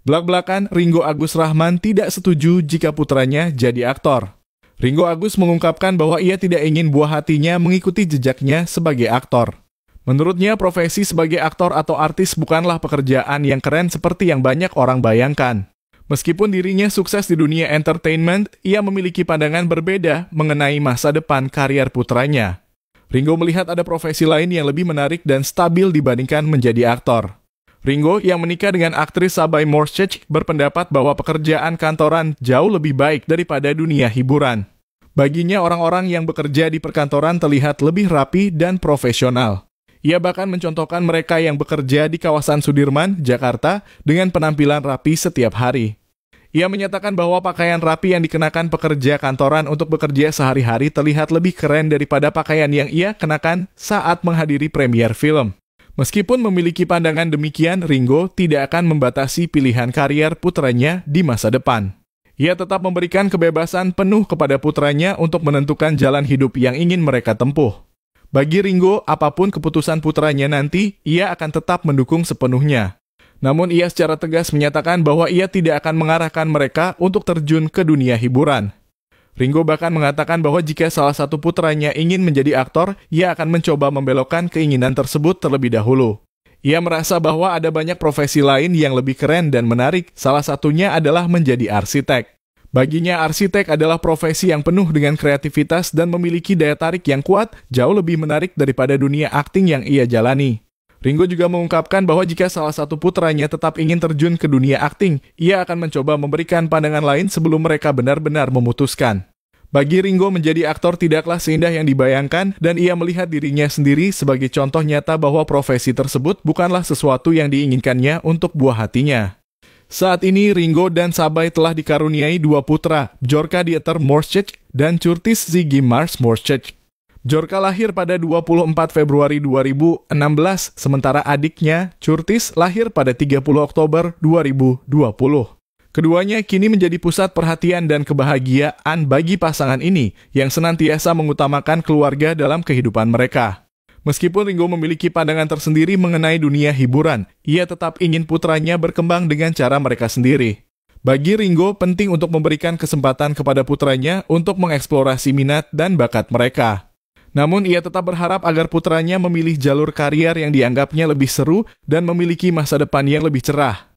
Belak-belakan, Ringo Agus Rahman tidak setuju jika putranya jadi aktor. Ringo Agus mengungkapkan bahwa ia tidak ingin buah hatinya mengikuti jejaknya sebagai aktor. Menurutnya, profesi sebagai aktor atau artis bukanlah pekerjaan yang keren seperti yang banyak orang bayangkan. Meskipun dirinya sukses di dunia entertainment, ia memiliki pandangan berbeda mengenai masa depan karier putranya. Ringo melihat ada profesi lain yang lebih menarik dan stabil dibandingkan menjadi aktor. Ringo yang menikah dengan aktris Sabai Morsec berpendapat bahwa pekerjaan kantoran jauh lebih baik daripada dunia hiburan. Baginya orang-orang yang bekerja di perkantoran terlihat lebih rapi dan profesional. Ia bahkan mencontohkan mereka yang bekerja di kawasan Sudirman, Jakarta dengan penampilan rapi setiap hari. Ia menyatakan bahwa pakaian rapi yang dikenakan pekerja kantoran untuk bekerja sehari-hari terlihat lebih keren daripada pakaian yang ia kenakan saat menghadiri premier film. Meskipun memiliki pandangan demikian, Ringo tidak akan membatasi pilihan karier putranya di masa depan. Ia tetap memberikan kebebasan penuh kepada putranya untuk menentukan jalan hidup yang ingin mereka tempuh. Bagi Ringo, apapun keputusan putranya nanti, ia akan tetap mendukung sepenuhnya. Namun ia secara tegas menyatakan bahwa ia tidak akan mengarahkan mereka untuk terjun ke dunia hiburan. Ringo bahkan mengatakan bahwa jika salah satu putranya ingin menjadi aktor, ia akan mencoba membelokkan keinginan tersebut terlebih dahulu. Ia merasa bahwa ada banyak profesi lain yang lebih keren dan menarik, salah satunya adalah menjadi arsitek. Baginya, arsitek adalah profesi yang penuh dengan kreativitas dan memiliki daya tarik yang kuat, jauh lebih menarik daripada dunia akting yang ia jalani. Ringo juga mengungkapkan bahwa jika salah satu putranya tetap ingin terjun ke dunia akting, ia akan mencoba memberikan pandangan lain sebelum mereka benar-benar memutuskan. Bagi Ringo menjadi aktor tidaklah seindah yang dibayangkan dan ia melihat dirinya sendiri sebagai contoh nyata bahwa profesi tersebut bukanlah sesuatu yang diinginkannya untuk buah hatinya. Saat ini Ringo dan Sabai telah dikaruniai dua putra, Jorka Dieter Morschich dan Curtis Ziggy Mars Morschich. Jorka lahir pada 24 Februari 2016, sementara adiknya, Curtis, lahir pada 30 Oktober 2020. Keduanya kini menjadi pusat perhatian dan kebahagiaan bagi pasangan ini yang senantiasa mengutamakan keluarga dalam kehidupan mereka. Meskipun Ringo memiliki pandangan tersendiri mengenai dunia hiburan, ia tetap ingin putranya berkembang dengan cara mereka sendiri. Bagi Ringo, penting untuk memberikan kesempatan kepada putranya untuk mengeksplorasi minat dan bakat mereka. Namun, ia tetap berharap agar putranya memilih jalur karier yang dianggapnya lebih seru dan memiliki masa depan yang lebih cerah.